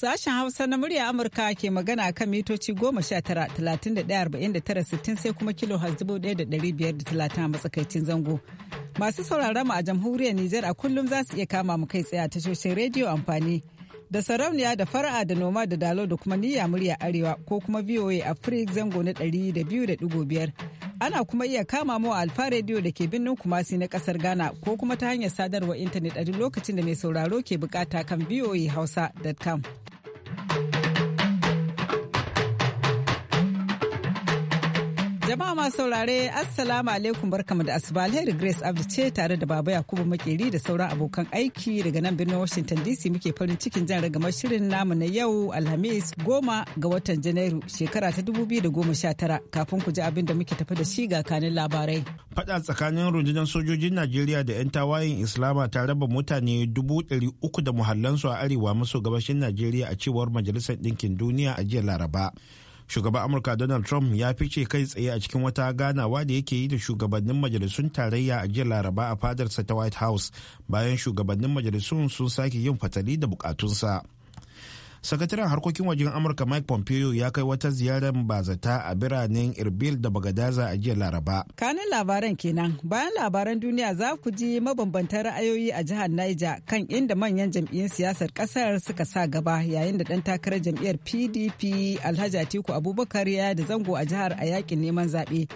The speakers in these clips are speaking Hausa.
Sashen Hausa na murya Amurka ke magana kan mitoci 19,31,49,60 sai kuma kilo talatin a matsakaicin zango. Masu sauraron mu a jamhuriyar Nijar a kullum za su iya kama mu kai tsaye a tashoshin rediyo amfani. da sarauniya da Far'a da noma da dalo da kuma niyya murya arewa ko kuma voa afrik zango na 200.5 ana kuma iya kama mu a alfa rediyo da ke birnin kumasi na kasar ghana ko kuma ta hanyar sadarwar intanet a duk lokacin da mai sauraro ke bukata kan voa voahausa.com Jama'a masu saurare Assalamu alaikum barkamu da asuba alheri Grace Abdu ce tare da Baba Yakubu Makeri da sauran abokan aiki daga nan birnin Washington DC muke farin cikin jan ragamar shirin namu na yau Alhamis goma ga watan Janairu shekara ta 2019 kafin ku ji abin da muke tafi da shi ga kanin labarai. Fada tsakanin rundunar sojojin Najeriya da 'yan tawayen Islama ta raba mutane dubu uku da muhallansu a arewa maso gabashin Najeriya a cewar Majalisar Ɗinkin Duniya a jiya Laraba. shugaban amurka donald trump ya fice kai tsaye a cikin wata ganawa da yake yi da shugabannin majalisun tarayya a jiya laraba a fadarsa ta white house bayan shugabannin majalisun sun sake yin fatali da bukatunsa. sakataren harkokin wajen amurka mike pompeo ya kai wata ziyarar bazata a biranen irbil da bagadaza a jiya laraba kanin labaran kenan bayan labaran duniya za ku ji mabambantan ra'ayoyi a jihar niger kan inda manyan jam'iyyun siyasar kasar suka sa gaba yayin da dan takarar jam'iyyar pdp alhaji atiku abubakar ya da zango a jihar a yakin neman zaɓe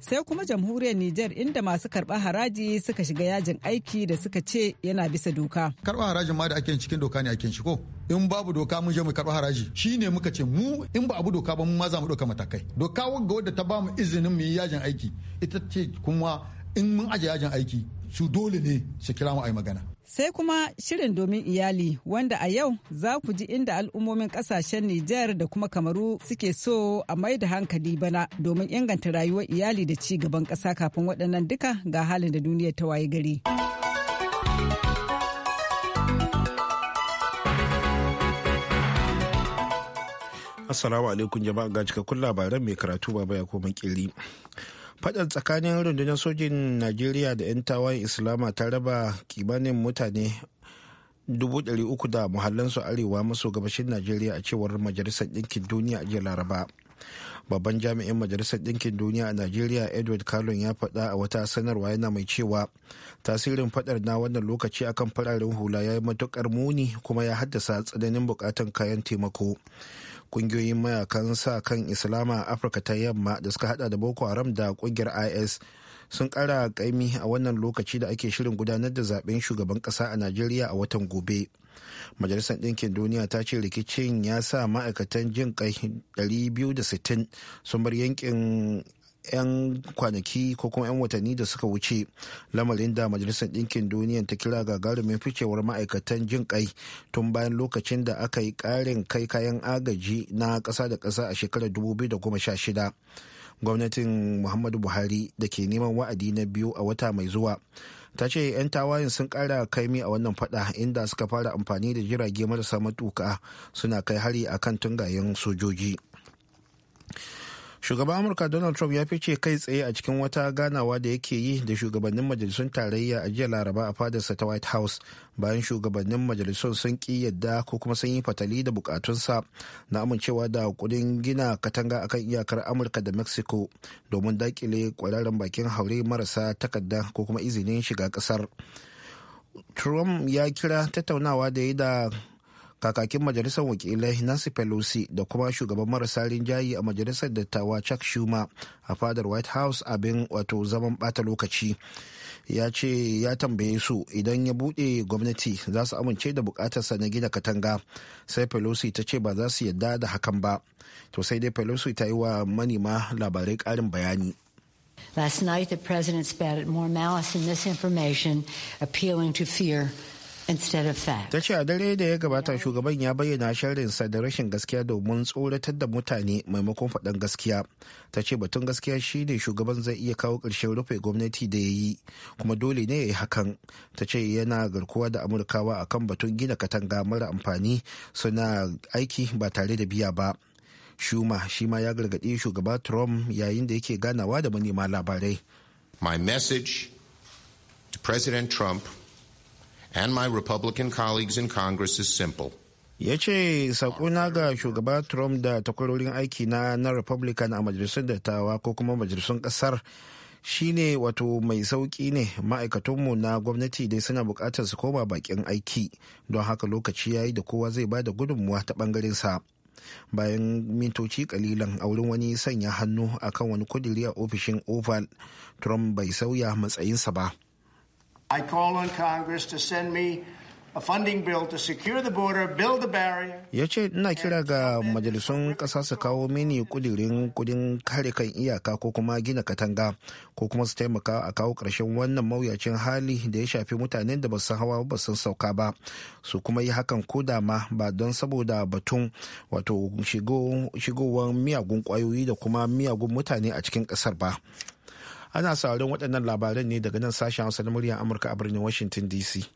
sai kuma jamhuriyar Nijar inda masu karba haraji suka shiga yajin aiki da suka ce yana bisa doka. Karɓa harajin ma da ake cikin doka ne ake shi ko? In babu doka mun je mu karɓa haraji shi ne muka ce mu in ba abu doka ba mu ma za mu ɗauka matakai. Doka wadda wadda ta bamu izinin mu yi yajin aiki ita ce kuma in mun aje yajin aiki su dole ne su kira mu a yi magana. sai kuma shirin domin iyali wanda a yau za ku ji inda al'ummomin kasashen Nijar da kuma kamaru suke so a mai da hankali bana domin inganta rayuwar iyali da ci gaban ƙasa kafin waɗannan duka ga halin da duniyar ta waye gari. Assalamu alaikum jama'a ga cikakkun labaran mai karatu baba ya koma kili. fadar tsakanin rundunar sojin najeriya da 'yan tawayen islama ta raba kimanin mutane 300 da muhallansu arewa maso gabashin najeriya a cewar majalisar ɗinkin duniya a jiya laraba babban jami'in majalisar ɗinkin duniya a najeriya edward kalon ya faɗa a wata sanarwa yana mai cewa tasirin faɗar na wannan lokaci akan fararen hula ya yi matuƙar muni kuma ya haddasa tsananin bukatan kayan taimako kungiyoyin mayakan sa kan islama a afirka ta yamma da suka hada da boko haram da kungiyar is sun kara kaimi a wannan lokaci da ake shirin gudanar da zaben shugaban kasa a najeriya a watan gobe majalisar ɗinkin duniya ta ce rikicin ya sa ma'aikatan jin kai 260 sun bar yankin 'yan kwanaki ko kuma 'yan watanni da suka wuce lamarin da majalisar ɗinkin duniya ta kira gagarumin ficewar ma'aikatan jin kai tun bayan lokacin da aka yi ƙarin kai kayan agaji na ƙasa da ƙasa a shekarar 2016 gwamnatin muhammadu buhari da ke neman wa'adi na biyu a wata mai zuwa ta ce 'yan tawayen sun kara kaimi a wannan fada inda suka fara amfani da jirage marasa matuka suna kai hari akan tungayen sojoji shugaban amurka donald trump ya fice kai tsaye a cikin wata ganawa da yake yi da shugabannin majalisun tarayya a jiya laraba a fadarsa ta white house bayan shugabannin majalisun sun ki yadda ko kuma sun yi fatali da bukatunsa na amincewa da kudin gina katanga akan iyakar amurka da mexico domin dakile kwararren bakin haure marasa takarda ko kuma izinin shiga kasar trump ya kira tattaunawa da yi da kakakin majalisar wakilai nancy pelosi da kuma shugaban marasa rinjaye a majalisar dattawa chuck schumer a fadar white house abin wato zaman bata lokaci ya ce ya tambaye su idan ya buɗe gwamnati za su amince da bukatarsa na gina katanga sai pelosi ta ce ba za su yadda da hakan ba to sai dai pelosi ta yi wa manema labarai ƙarin bayani Last night, the president spat at more malice in misinformation, appealing to fear instead Ta ce a dare da ya gabata shugaban ya bayyana sharrinsa da rashin gaskiya domin tsoratar da mutane maimakon faɗan gaskiya. Ta ce batun gaskiya shi ne shugaban zai iya kawo ƙarshen rufe gwamnati da ya yi kuma dole ne ya yi hakan. Ta ce yana garkuwa da Amurkawa a kan batun gina katanga mara amfani suna aiki ba tare da biya ba. Shuma shi ma ya gargaɗi shugaba Trump yayin da yake ganawa da manema labarai. My message to President Trump and my Republican colleagues in Congress is simple. ya ce saƙona ga shugaba trump da takwarorin aiki na na republican a majalisar dattawa ko kuma majalisun ƙasar shine wato mai sauƙi ne ma'aikatanmu na gwamnati dai suna buƙatar su koma bakin aiki don haka lokaci ya yi da kowa zai ba da gudunmuwa ta ɓangaren sa bayan mintoci kalilan a wurin wani sanya hannu akan wani kudiri a ofishin oval trump bai sauya matsayinsa ba I call on Congress to send me a funding bill to secure the border, build the barrier. Ya ce ina kira ga majalisun ƙasa su kawo mini kudirin kudin kare kan iyaka ko kuma gina katanga ko kuma su taimaka a kawo ƙarshen wannan mawuyacin hali da ya shafi mutanen da ba su hawa ba su sauka ba su kuma yi hakan ko da ma ba don saboda batun wato shigowar miyagun kwayoyi da kuma miyagun mutane a cikin ƙasar ba. ana sauraron waɗannan labaran ne daga nan sashen hausa na muryar amurka a birnin washington dc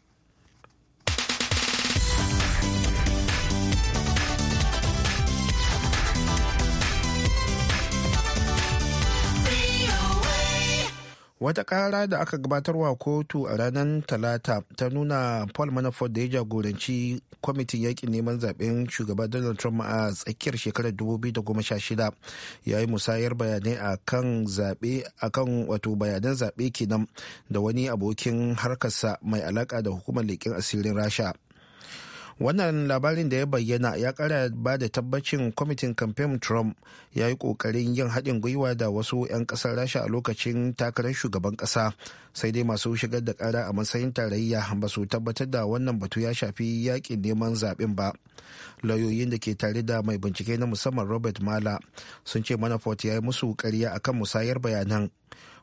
wata kara da aka gabatar wa kotu a ranar talata ta nuna paul manafort da ya jagoranci kwamitin yakin neman zaben shugaban donald trump a tsakiyar shekarar 2016 ya yi musayar bayanai a kan zaɓe a kan wato bayanan zaɓe kenan da wani abokin harkarsa mai alaka da hukumar leƙen asirin rasha wannan labarin da ya bayyana ya kara ba da tabbacin kwamitin kamfen trump ya yi kokarin yin haɗin gwiwa da wasu 'yan ƙasar rasha a lokacin takarar shugaban ƙasa sai dai masu shigar da ƙara a matsayin tarayya ba su tabbatar da wannan batu ya shafi yaƙin neman zaɓen ba lauyoyin da ke tare da mai bincike na musamman robert mala sun ce manafort ya yi musu ƙarya akan musayar bayanan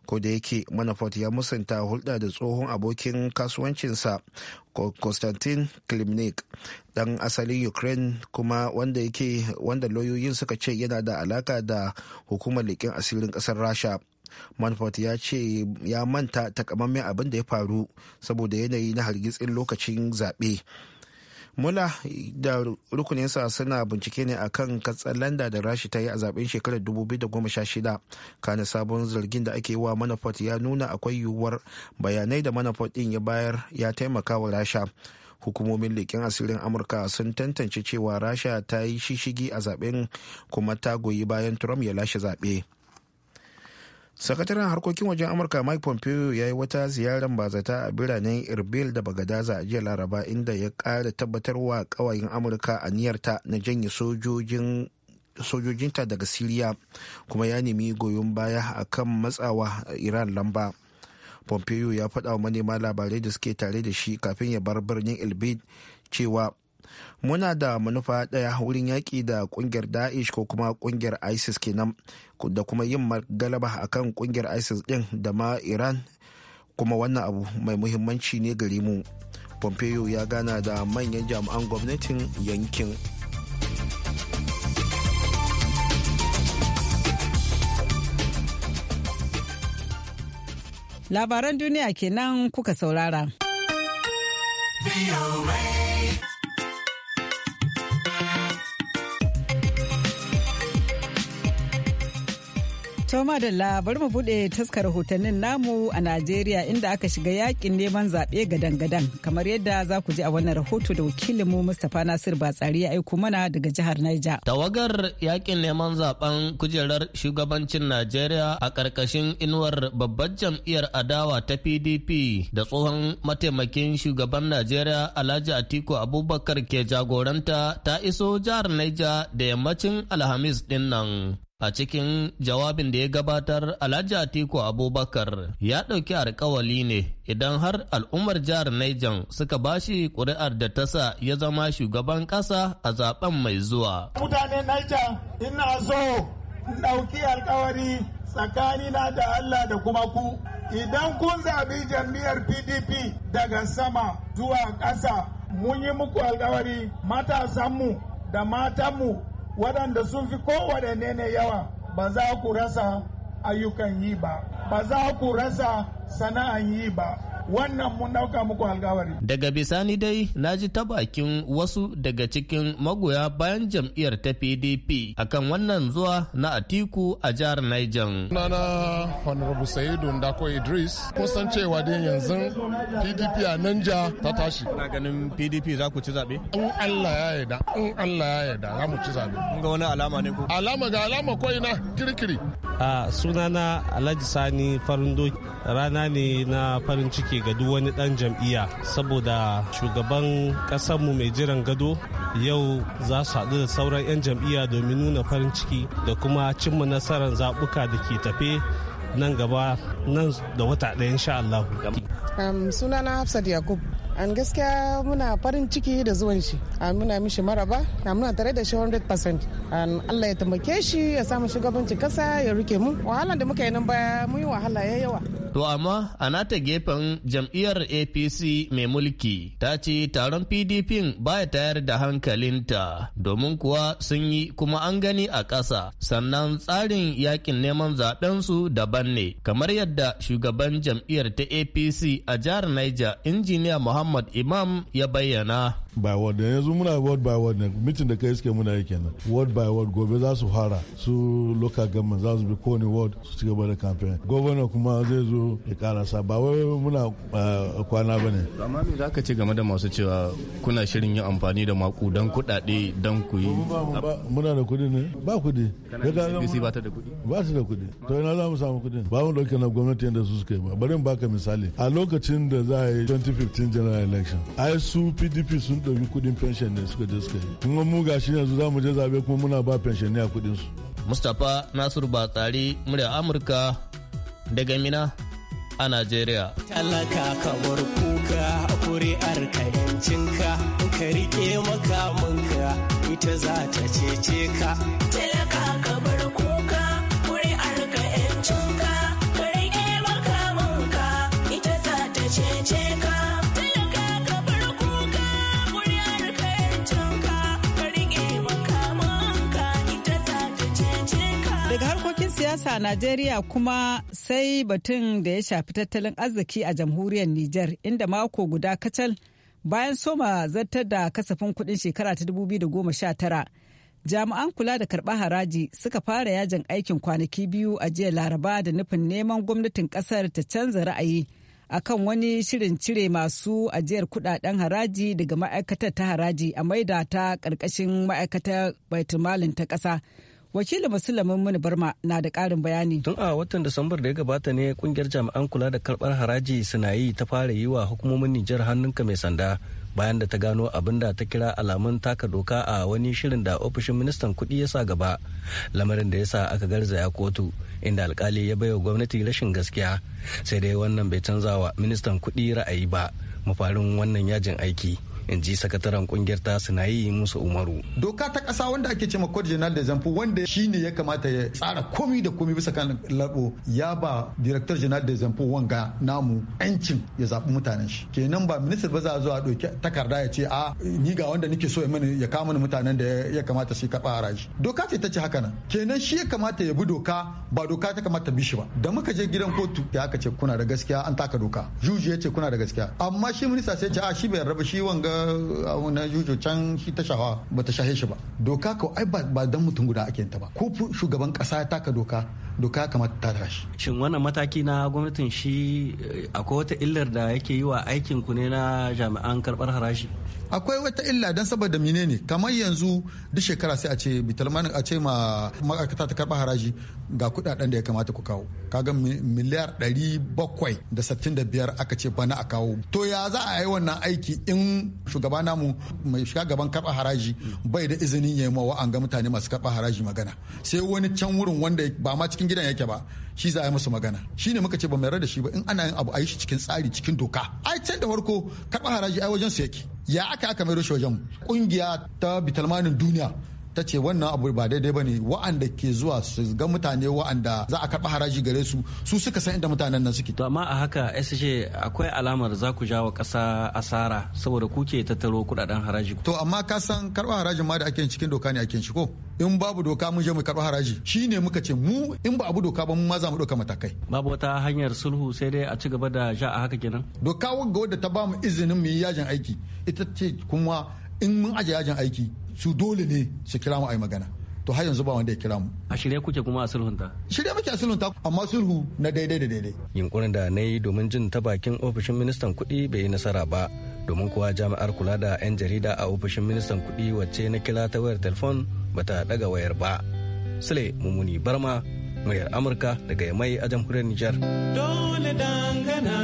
ko da yake manafort ya musanta hulɗa da tsohon abokin kasuwancinsa konstantin klimnik dan asalin ukraine kuma wanda yake wanda lauyoyin suka ce yana da alaka da hukumar leƙen asirin ƙasar rasha manfort ya ce ya manta takamammen abin da ya faru saboda yanayi na hargitsin lokacin zaɓe mula da rukuninsa suna bincike ne akan katsalanda da rashi ta yi a zaben shekarar 2016 kane sabon zargin da ake wa manafort ya nuna akwai yiwuwar bayanai da manafort din ya bayar ya taimaka wa rasha hukumomin leƙen asirin amurka sun tantance cewa rasha ta yi shishigi a zaben kuma ta goyi bayan trump ya lashe zaɓe. sakataren harkokin wajen amurka mike pompeo ya yi wata ziyarar bazata a biranen irbil da bagadaza a jiya laraba inda ya kara tabbatarwa ƙawayen amurka a niyarta na janye sojojin sojojinta daga siriya kuma ya nemi goyon baya a kan matsawa iran lamba pompeo ya faɗa wa manema labarai da suke tare da shi kafin ya bar birnin ilbid cewa muna da manufa ɗaya wurin yaƙi da ƙungiyar daesh ko kuma ƙungiyar isis kenan da kuma yin galaba akan ƙungiyar isis ɗin da ma iran kuma wannan abu mai muhimmanci ne gare mu pompeo ya gana da manyan jami'an gwamnatin yankin labaran duniya kenan kuka saurara. Toma Dalla bari mu bude taskar rahotannin namu a Najeriya inda aka shiga yakin neman zaɓe gadan-gadan kamar yadda za ku ji a wannan rahoto da wakilinmu Mustapha Nasir Batsari ya aiko mana daga jihar Niger. Tawagar yakin neman zaben kujerar shugabancin Najeriya a ƙarƙashin inuwar babbar jam'iyyar adawa ta PDP da tsohon mataimakin shugaban Najeriya Alhaji Atiku Abubakar ke jagoranta ta iso jihar Niger da yammacin Alhamis dinnan. A cikin jawabin da ya gabatar Alhaji Atiku Abubakar ya ɗauki alkawali ne idan har al'ummar jihar Niger suka bashi ƙuri'ar da ta sa ya zama shugaban ƙasa a zaben mai zuwa. Mutane Niger ina so ɗauki alkawari tsakanina da Allah da kuma ku. Idan kun zaɓi jam'iyyar PDP daga sama zuwa ƙasa mun yi muku alkawari matasanmu da matanmu waɗanda sun fi kowaɗanne ne yawa ba za ku rasa ayyukan yi ba ba za ku rasa sana'an yi ba wannan mun dauka muku alkawari. Daga bisani dai na ji ta bakin wasu daga cikin magoya bayan jam'iyyar ta PDP akan wannan zuwa na Atiku a jihar Niger. Nana Honorable Sayidu Ndako Idris kusan cewa dai yanzu PDP a nan ja ta tashi. Kuna ganin PDP za ku ci zaɓe? In Allah ya yarda, in Allah ya yarda za mu ci zaɓe. Kun ga wani alama ne ko? Alama ga alama ko ina kirkiri. A sunana Alhaji Sani Farundo. rana ne na farin ciki ga duk wani dan jam'iyya saboda shugaban mu mai jiran gado yau za su haɗu da sauran 'yan jam'iyya domin nuna farin ciki da kuma cimma nasarar zaɓuka da ke tafe nan gaba nan da wata ɗaya insha Allah. Um, sunana Hafsat Yakub an gaskiya muna farin ciki da zuwan shi muna mishi maraba na muna tare da shi 100% Allah ya tambake shi ya samu shugabancin kasa ya rike mu Wahala da muka yi nan baya mun yi wahala ya yawa To amma ana ta gefen jam'iyyar APC mai mulki ta ce taron PDP baya tayar da hankalinta domin kuwa sun yi kuma an gani a ƙasa sannan tsarin yakin neman zaɓensu daban ne kamar yadda shugaban jam'iyyar ta APC a jihar Niger injiniya Muhammad Imam ya bayyana. by word da yanzu muna word by word ne mitin da kai suke muna yi kenan word by word gobe za su fara su local government za su bi kowane word su ci gaba da campaign governor kuma zai zo ya karasa ba wai muna eh, kwana ba ne amma me zaka ce game da masu cewa kuna shirin yin amfani da maku dan kudade dan ku yi muna da kudi ne ba kudi ga ba ta da kudi ba ta da kudi to ina za mu samu kudi ba mu dauke na gwamnati yadda su suka yi ba bari mu baka misali a lokacin da za a yi 2015 general election ai su pdp sun ɗauki pension ne suka je suka yi kuma mu gashi yanzu za mu je zabe kuma muna ba pension ne a kudin su. mustapha nasiru batsari murya amurka daga mina a najeriya. talaka ka bar kuka kuri'ar ka yancinka ka rike makamanka ita za ta cece ka. talaka bar siyasa Najeriya kuma sai batun da ya shafi tattalin arziki a jamhuriyar Nijar inda mako guda kacal bayan soma zartar da kasafin kudin shekara ta 2019 jami'an kula da karɓar haraji suka fara yajin aikin kwanaki biyu a jiya laraba da nufin neman gwamnatin kasar ta canza ra'ayi a kan wani shirin cire masu ajiyar kudaden haraji daga ma'aikatar ta haraji a maida ta ƙarƙashin ma'aikatar baitulmalin ta ƙasa. wakilin musulman muni barma na da karin bayani tun a watan disambar da ya gabata ne kungiyar jami'an kula da karbar haraji yi ta fara yi wa hukumomin nijar hannunka mai sanda bayan da ta gano abin da ta kira alamun taka doka a wani shirin da ofishin ministan kudi ya sa gaba lamarin da ya sa aka garzaya kotu inda alkali ya baiwa gwamnati rashin gaskiya sai dai wannan bai canza wa ministan kudi ra'ayi ba mafarin wannan yajin aiki in ji sakataren kungiyar ta sinayi musu umaru doka ta kasa wanda ake cewa code general de zamfu wanda shine ya kamata ya tsara komi da komi bisa kan labo ya ba director general de zamfu wanga namu yancin ya zaɓi mutanen shi kenan ba minister ba za zuwa doki takarda ya ce a ni ga wanda nake so ya mani ya kama mani mutanen da ya kamata shi karɓa haraji doka ce ta ce haka nan kenan shi ya kamata ya bi doka ba doka ta kamata bi shi ba da muka je gidan kotu ya aka ce kuna da gaskiya an taka doka juju ya ce kuna da gaskiya amma shi minista sai ce a shi bai raba shi wanga na juju can shi ta shawa ba ta shahe shi ba doka ko ai ba dan mutum guda ake ta ba ko shugaban kasa ya taka doka doka kamata ta tashi shin wannan mataki na gwamnatin shi eh, akwai wata illar da yake yi wa aikin ku ne na jami'an karbar harashi. akwai wata illa dan saboda ne kamar yanzu duk shekara sai a ce bitalman a ce ma ma'aikata ta karba haraji ga kudaden da ya kamata ku kawo kaga miliyar biyar aka ce bana a kawo to ya za a yi wannan aiki in shugaba namu mai shiga gaban karba haraji bai da izinin ya yi ma ga mutane masu karba haraji magana sai wani can wurin wanda ba ma cikin gidan yake ba shi za a yi musu magana shi ne muka ce ba mai da shi ba in ana yin abu a yi shi cikin tsari cikin doka ai can da farko karba haraji ai wajen su yake ya aka aka mai rushe wajen kungiya ta bitalmanin duniya ta ce wannan abu ba daidai ba ne wa'anda ke zuwa su ga mutane wa'anda za a karɓa haraji gare su su suka san inda mutanen nan suke. to amma a haka sj akwai alamar za ku jawo ƙasa asara saboda kuke tattaro kuɗaɗen haraji. to amma ka san karɓar harajin ma da ake cikin doka ne ake shi ko. in babu doka mun je mu karɓi haraji shi ne muka ce mu in ba abu doka ba mun ma za mu ɗauka matakai. babu wata hanyar sulhu sai dai a ci gaba da ja a haka kenan. doka wadda ta ba mu izinin mu yi yajin aiki ita ce kuma in mun aje yajin aiki su dole ne su kira mu a yi magana to har yanzu ba wanda ya kira mu a shirye kuke kuma a sulhunta shirye muke a sulhunta amma sulhu na daidai da daidai yunkurin da na yi domin jin ta bakin ofishin ministan kuɗi bai yi nasara ba domin kuwa jami'ar kula da 'yan jarida a ofishin ministan kuɗi wacce na kira ta wayar telefon bata daga wayar ba sule mummuni barma muryar amurka daga mai a jamhuriyar nijar dole dangana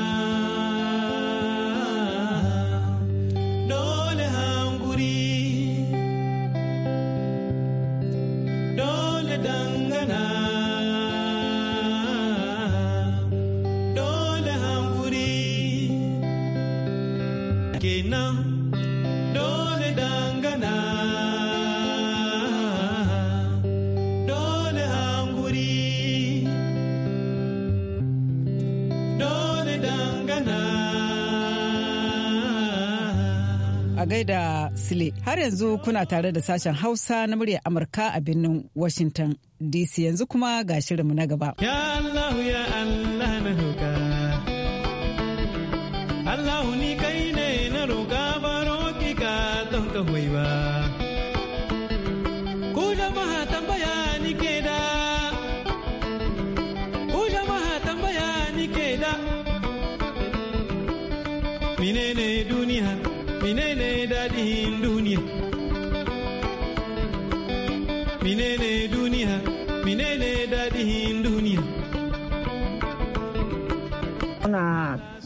Har yanzu kuna tare da sashen Hausa na muryar Amurka a birnin Washington DC yanzu kuma ga shirinmu na gaba. Ya Allah ya Allah na roƙa. Allah ni kai ne na roƙa baro ki ka don ka ba.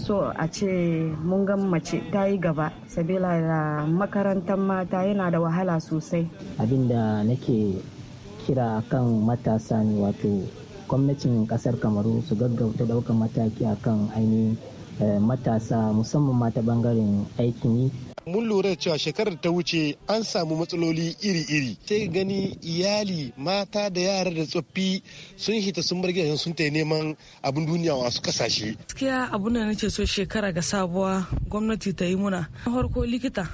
so a ce mun ga mace ta yi gaba sabila da makarantar mata yana da wahala sosai abinda nake kira kan matasa ne wato gwamnatin kasar kamaru su gaggauta daukan mataki akan ainihin eh, matasa musamman mata bangaren aikin yi mun lura da cewa shekarar ta wuce an samu matsaloli iri-iri sai gani iyali mata da yara da tsoffi sun hita sun bar gidajen sun tai neman abin duniya wasu kasashe gaskiya abun da nake so shekara ga sabuwa gwamnati ta yi muna farko likita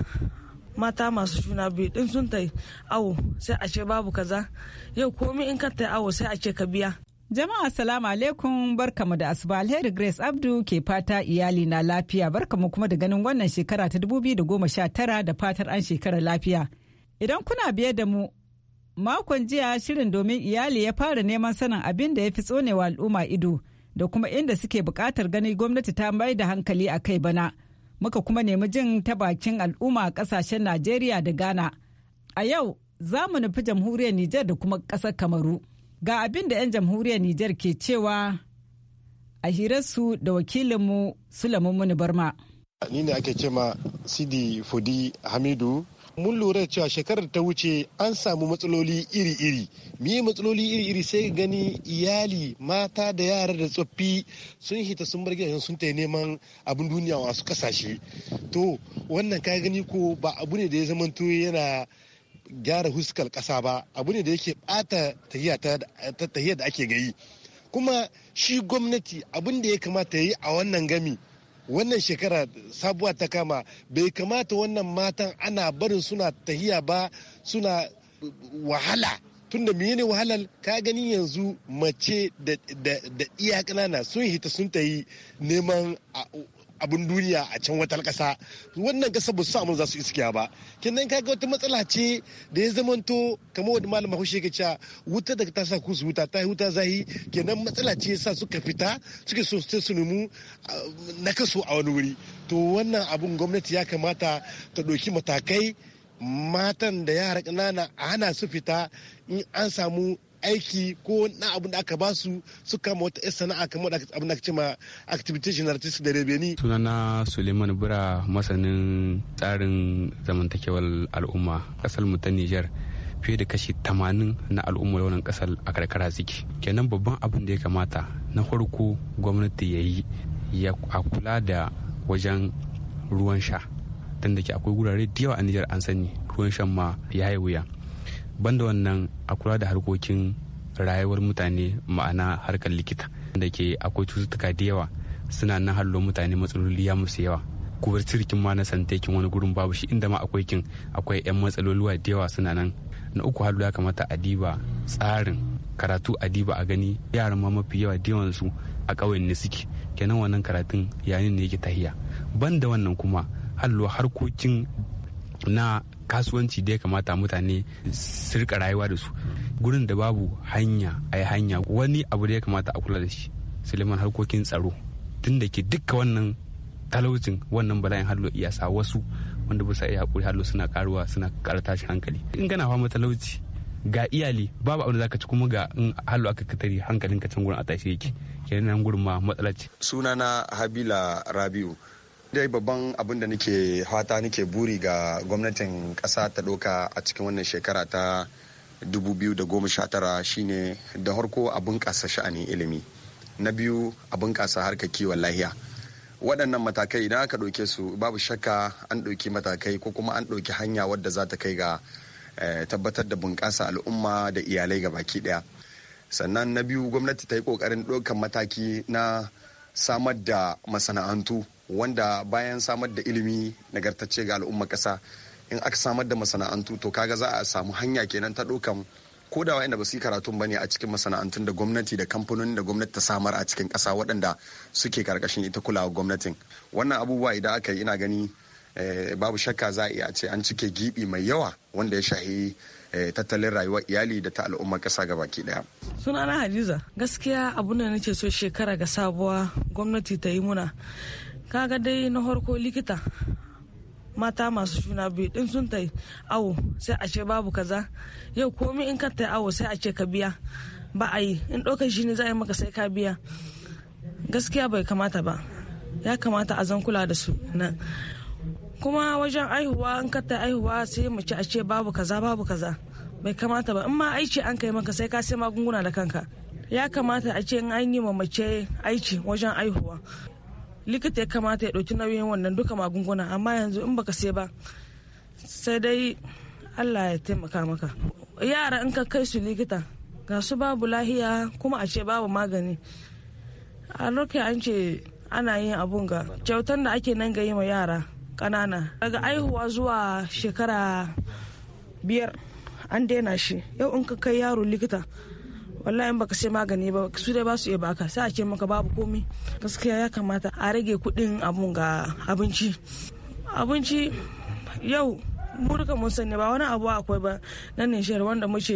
mata masu juna biyu din sun tai awo sai a ce babu kaza yau komai in ka tai awo sai a ce ka biya Jama'a salamu alaikum barkamu da asuba alheri Grace Abdu ke fata iyali na lafiya barkamu kuma da ganin wannan shekara ta 2019 da fatar an shekara lafiya. Idan kuna biye da mu makon jiya shirin domin iyali ya fara neman sanin abin da ya fi tsonewa al'umma ido da kuma inda suke bukatar gani gwamnati ta mai da hankali a kai bana. Muka kuma nemi jin ta bakin al'umma a ƙasashen Najeriya da Ghana. A yau za mu nufi jamhuriyar Nijar da kuma ƙasar Kamaru. Ga abin da 'yan jamhuriyar Nijar ke cewa a hirarsu da wakilinmu Sulaiman Muni Barma. Ni ne ake cema Sidi Fodi Hamidu mun lura da cewa shekarar ta wuce an samu matsaloli iri-iri miye matsaloli iri-iri sai gani iyali mata da yara da tsoffi sun hita sun bar gidajen sun ta neman abin duniya wasu kasashe to wannan ka gani ko ba abu ne da ya zamanto yana gyara huskar ƙasa ba abu ne da yake bata tahiya da ake gayi kuma shi gwamnati abin da ya kamata yi a wannan gami wannan shekara sabuwa ta kama bai kamata wannan matan ana barin suna tahiya ba suna wahala tunda ne wahalar ka gani yanzu mace da iya ƙanana sun hita sun ta yi neman abin duniya a can wata ƙasa wannan ƙasa ba su samu za su iskiya ba kenan kaga wata matsala ce da ya zamanto kamar wani malam haushe ke cewa wuta daga ta sa kusu wuta ta yi wuta zahi kenan matsala ce sa suka fita suke so su nemi ah, na kaso a wani wuri to wannan abun gwamnati ya kamata ta ɗauki matakai matan da yara ƙanana a hana su fita in an samu aiki ko na abin da aka basu su kama wata sana'a kamar abin da aka ce ma activity generative da rebeni sunana suleiman bura masanin tsarin zamantakewar al'umma kasar mu ta niger fiye da kashi 80 na al'ummar wannan kasar a karkara suke kenan babban abin da ya kamata na farko gwamnati ya yi ya kula da wajen ruwan sha tun da ke akwai gurare da yawa a niger an sani ruwan shan ma ya yi wuya banda wannan a kula da harkokin rayuwar mutane ma'ana harkar likita da ke akwai cututtuka da yawa suna nan hallo mutane matsaloli ya musu yawa kubar cirkin ma na santekin wani gurin babu shi inda ma akwai kin akwai yan matsaloluwa da yawa suna nan na uku hallo ya kamata a diba tsarin karatu a diba a gani yaran ma mafi yawa da su a ƙauyen ne suke kenan wannan karatun yayin ne yake tahiya banda wannan kuma hallo harkokin na kasuwanci da ya kamata mutane su rika rayuwa da su gurin da babu hanya a yi hanya wani abu da ya kamata a kula da shi suleiman harkokin tsaro tun da ke duka wannan talaucin wannan bala'in hallo iya sa wasu wanda sa iya hakuri hallo suna karuwa suna kara tashin hankali in gana fama talauci ga iyali babu abin da zaka ci kuma ga in hallo aka katari hankalin ka can gurin a tashi yake kenan gurin ma matsala ce sunana habila rabiu dai babban abin da nake fata nake buri ga gwamnatin ƙasa ta ɗauka a cikin wannan shekara ta 2019 shine da harko a bunƙasa sha'anin ilimi na biyu a bunƙasa harkar kiwon lahiya waɗannan matakai idan aka ɗauke su babu shakka an ɗauki matakai ko kuma an ɗauki hanya wadda za ta kai ga eh, tabbatar da bunƙasa al'umma da iyalai ga baki ɗaya sannan na biyu gwamnati ta yi ƙoƙarin ɗaukar mataki na samar da masana'antu wanda bayan samar da ilimi nagartacce ga al'umma kasa in aka samar da masana'antu to kaga za a samu hanya kenan ta ɗaukan ko da wa'anda ba su yi karatun ba ne a cikin masana'antun da gwamnati da kamfanoni da gwamnati ta samar a cikin kasa waɗanda suke karkashin ita kulawa gwamnatin wannan abubuwa idan aka yi ina gani eh, babu shakka za a iya ce an cike giɓi mai yawa wanda ya shahi eh, tattalin rayuwar iyali da ta al'ummar ƙasa gabaki ɗaya. sunana hadiza gaskiya abu na nake so shekara ga sabuwa gwamnati ta yi muna kaga dai na harko likita mata masu juna biyu din sun ta awo sai a ce babu kaza yau komi in ka ta awo sai a ce ka biya ba a yi in ɗaukar shi ne za a yi maka sai ka biya gaskiya bai kamata ba ya kamata a zan kula da su na kuma wajen aihuwa in ka ta aihuwa sai mu ci a ce babu kaza babu kaza bai kamata ba in ma aici an kai maka sai ka sai magunguna da kanka ya kamata a ce in an yi ma mace aici wajen aihuwa likita ya kamata ya ɗauki nauyin wannan duka magunguna amma yanzu in baka sai ba sai dai allah ya taimaka maka yara in ka kai su likita ga su babu lahiya kuma a ce babu magani a lokacin an ce ana yin abun ga kyautar da ake nan ga yi ma yara ƙanana daga aihuwa zuwa shekara biyar an daina shi yau in ka kai yaro likita wallahi in baka sai magani ba su dai ba su iya baka sai a ce maka babu komai gaskiya ya kamata a rage kuɗin abun ga abinci abinci yau murka mun sani ba wani abu akwai ba na shehar wanda muke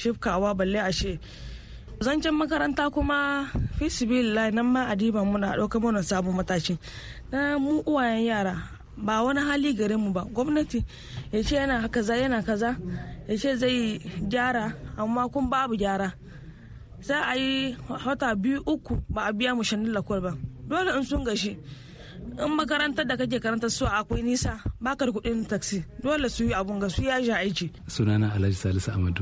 shifkawa balle a she zancen makaranta kuma fi sibilai nan ma adiba muna ɗaukar mana sabon matashi na mu uwayen yara ba wani hali gare mu ba gwamnati ya ce yana kaza yana kaza ya ce zai gyara amma kun babu gyara za a yi wata biyu uku ba a biya mu shanin ba dole in sun gashi in makarantar da kake karanta su akwai nisa baka da kuɗin taxi dole su yi abun ga su ya ji aiki sunana alhaji salisu amadu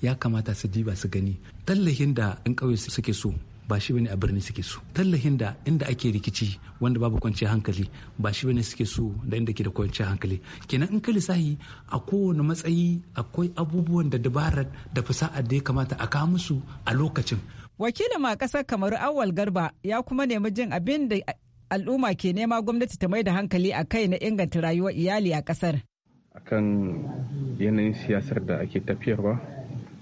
ya kamata su diba su gani tallahin da in ƙauye suke so ba shi bane a birni suke so tallahin da inda ake rikici wanda babu kwanciyar hankali ba shi bane suke so da inda ke da kwanciyar hankali kenan in ka lissahi a kowane matsayi akwai abubuwan da dabarar da fasa'ar da ya kamata a kawo musu a lokacin wakilin ma kasar kamaru awal garba ya kuma nemi jin abin da al'umma ke nema gwamnati ta mai da hankali a kai na inganta rayuwar iyali a kasar akan yanayin siyasar da ake tafiyarwa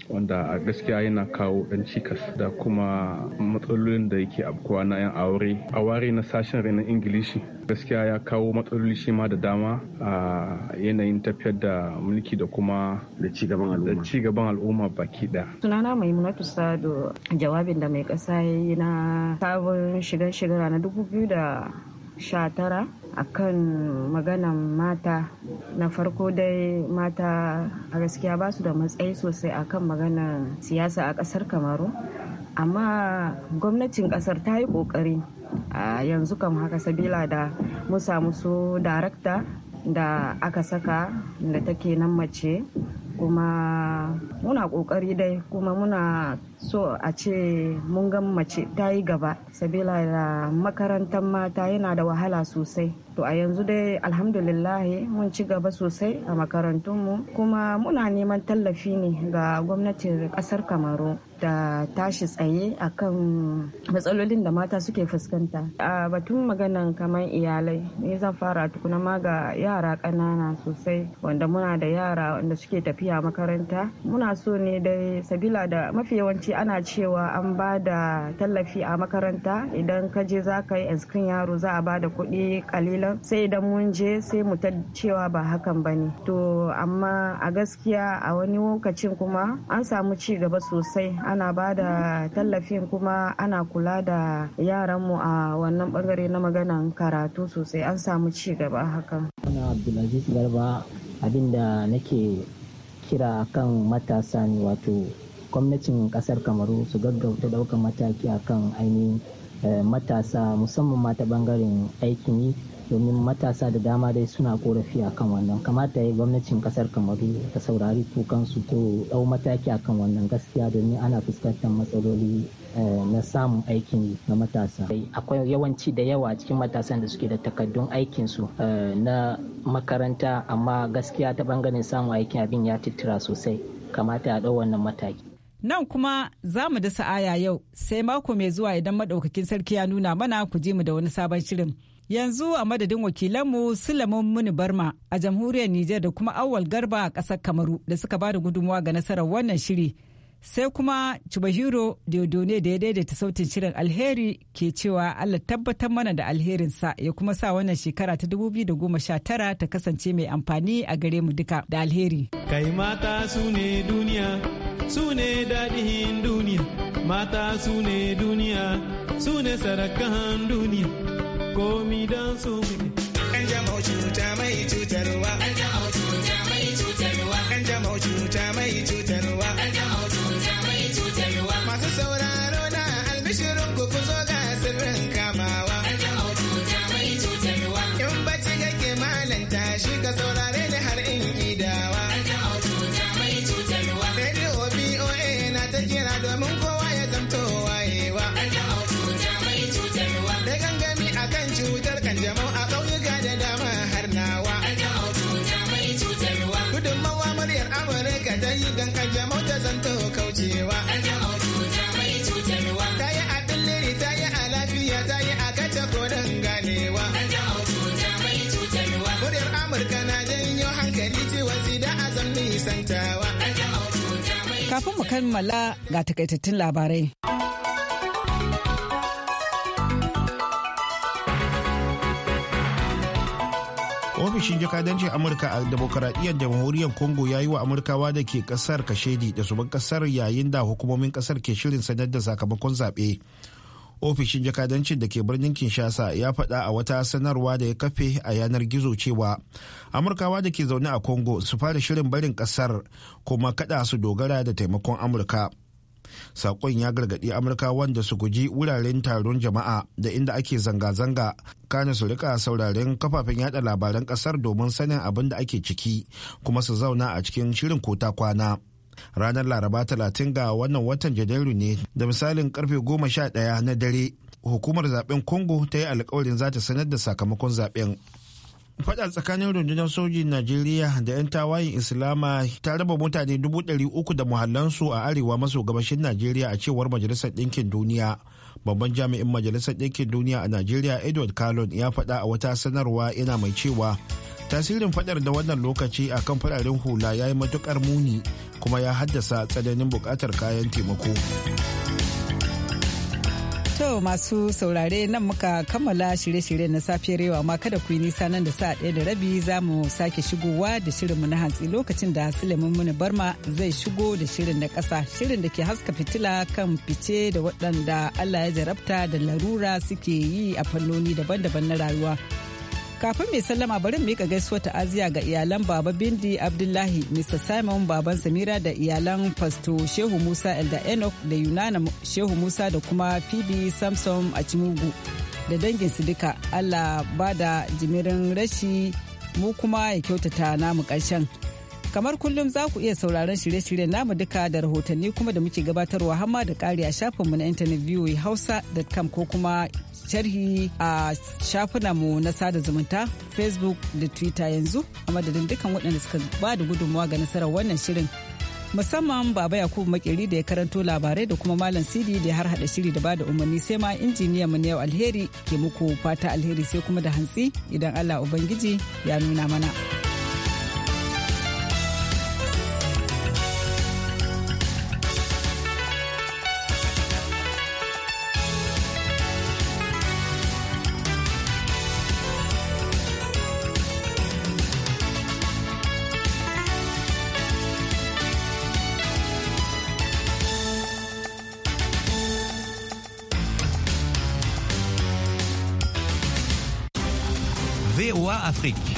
wanda a gaskiya yana kawo dan cikas da kuma matsalolin da yake abkuwa na yan aure a ware na sashen renon ingilishi gaskiya ya kawo matsaloli shi ma da dama a yanayin tafiyar da mulki da kuma da cigaban al'umma baki da sunana munatu sado jawabin da mai kasa yi na sabon shigar shigara na da. a kan maganan mata na farko dai mata a gaskiya ba su da matsayi sosai a kan maganan siyasa a kasar kamaru amma gwamnatin kasar ta yi kokari a yanzu kam haka sabila da mun samu su darakta da aka saka da take nan mace kuma muna kokari dai kuma muna so a ce mun ga mace ta yi gaba sabila da makarantar mata yana da wahala sosai to a yanzu dai alhamdulillahi mun ci gaba sosai a makarantunmu kuma muna neman tallafi ne ga gwamnatin kasar kamaru da tashi tsaye a kan matsalolin da mata suke fuskanta a batun maganan kamar iyalai ne zan fara tukuna ma ga yara ƙanana sosai wanda muna da yara wanda suke tafiya makaranta muna so ne dai sabila da mafi yawanci lokaci ana cewa an ba da tallafi a makaranta idan ka je za ka yi askin yaro za a ba da kuɗi kalilan sai idan mun je sai mu ta cewa ba hakan ba ne to amma a gaskiya a wani lokacin kuma an samu ci gaba sosai ana ba da tallafin kuma ana kula da yaran mu a wannan bangare na magana karatu sosai an samu ci gaba hakan. Ana Abdulaziz Garba abinda nake kira kan matasa ne wato gwamnatin kasar kamaru su gaggauta ɗaukar mataki akan ainihin eh, matasa musamman mata bangaren aikin yi domin matasa da dama dai suna korafi kan wannan kamata ya gwamnatin kasar kamaru ta saurari kukansu to ɗau mataki akan wannan gaskiya domin ana fuskantar matsaloli eh, na samun aikin na matasa akwai yawanci da yawa cikin matasan da suke da takaddun aikinsu eh, na makaranta amma gaskiya ta bangaren samun aikin abin ya tittira sosai kamata a ɗau wannan mataki Nan kuma za mu da sa'aya yau sai mako mai zuwa idan maɗaukakin sarki ya nuna mana ku ji mu da wani sabon shirin. Yanzu a madadin wakilanmu Sulaiman Muni Barma a jamhuriyar Nijar da kuma Awal Garba a ƙasar Kamaru da suka ba da gudunmawa ga nasarar wannan shiri. sai kuma Chubahiro ne da ya daidaita sautin shirin alheri ke cewa Allah tabbatar mana da alherinsa ya kuma sa wannan shekara ta 2019 ta kasance mai amfani a gare mu duka da alheri. Kai mata su ne duniya, su ne daɗin duniya, mata su ne duniya, su ne sarakan duniya, komi don su mai. An jama'u cuta mai cutarwa. An Kafin mu kammala ga takaitattun labarai. ofishin jakadancin amurka a demokaradiyyar jamhuriyar congo ya yi wa amurkawa da ke kasar kashedi da suban kasar yayin da hukumomin ƙasar ke shirin sanar da sakamakon zaɓe ofishin jakadancin da ke birnin kinshasa ya faɗa a wata sanarwa da ya kafe a yanar gizo cewa amurkawa da ke zaune a congo su fara shirin barin ƙasar kuma kaɗa su dogara da taimakon amurka saƙon ya gargaɗi amurka wanda su guji wuraren taron jama'a da inda ake zanga-zanga kana su rika sauraren kafafen yada labaran ƙasar domin sanin abin da ake ciki kuma su zauna a cikin shirin kota kwana ranar laraba 30 ga wannan watan janairu ne da misalin karfe 11 na dare hukumar zaben congo ta yi alkawarin za ta sanar da sakamakon zaben fada tsakanin rundunar sojin najeriya da 'yan tawayin islama ta raba mutane 300 da muhallansu a arewa maso gabashin najeriya a cewar majalisar ɗinkin duniya babban jami'in majalisar ɗinkin duniya a najeriya edward kalon ya faɗa a wata sanarwa yana mai cewa tasirin fadar da wannan lokaci akan kan fararen hula ya yi matukar muni kuma ya haddasa tsananin buƙatar kayan taimako. To masu saurare nan muka kammala shirye-shirye na safiyar yau amma kada ku yi nisa nan da sa ɗaya da rabi za mu sake shigowa da shirinmu na hantsi lokacin da Suleiman Muni Barma zai shigo da shirin na ƙasa shirin da ke haska fitila kan fice da waɗanda Allah ya jarabta da larura suke yi a fannoni daban-daban na rayuwa. kafin mai sallama bari mu mika gaisuwa ta'aziya ga iyalan baba bindi abdullahi mr simon baban samira da iyalan fasto shehu musa elda enoch da yunana shehu musa da kuma phoebe samson a cimugu da dangin su duka allah ba da jimirin rashi mu kuma ya kyautata namu karshen. Kamar kullum za ku iya sauraron shirye-shiryen namu duka da rahotanni kuma da muke gabatarwa hamma da ƙari a shafinmu na intanet VOA Hausa.com ko kuma sharhi a shafinanmu na sada zumunta Facebook da Twitter yanzu a madadin dukan waɗanda suka ba da gudunmawa ga nasarar wannan shirin. musamman baba yakubu makeri da ya karanto labarai da kuma malam sidi da har hada shiri da bada umarni sai ma injiniya mu yau alheri ke muku fata alheri sai kuma da hantsi idan allah ubangiji ya nuna mana.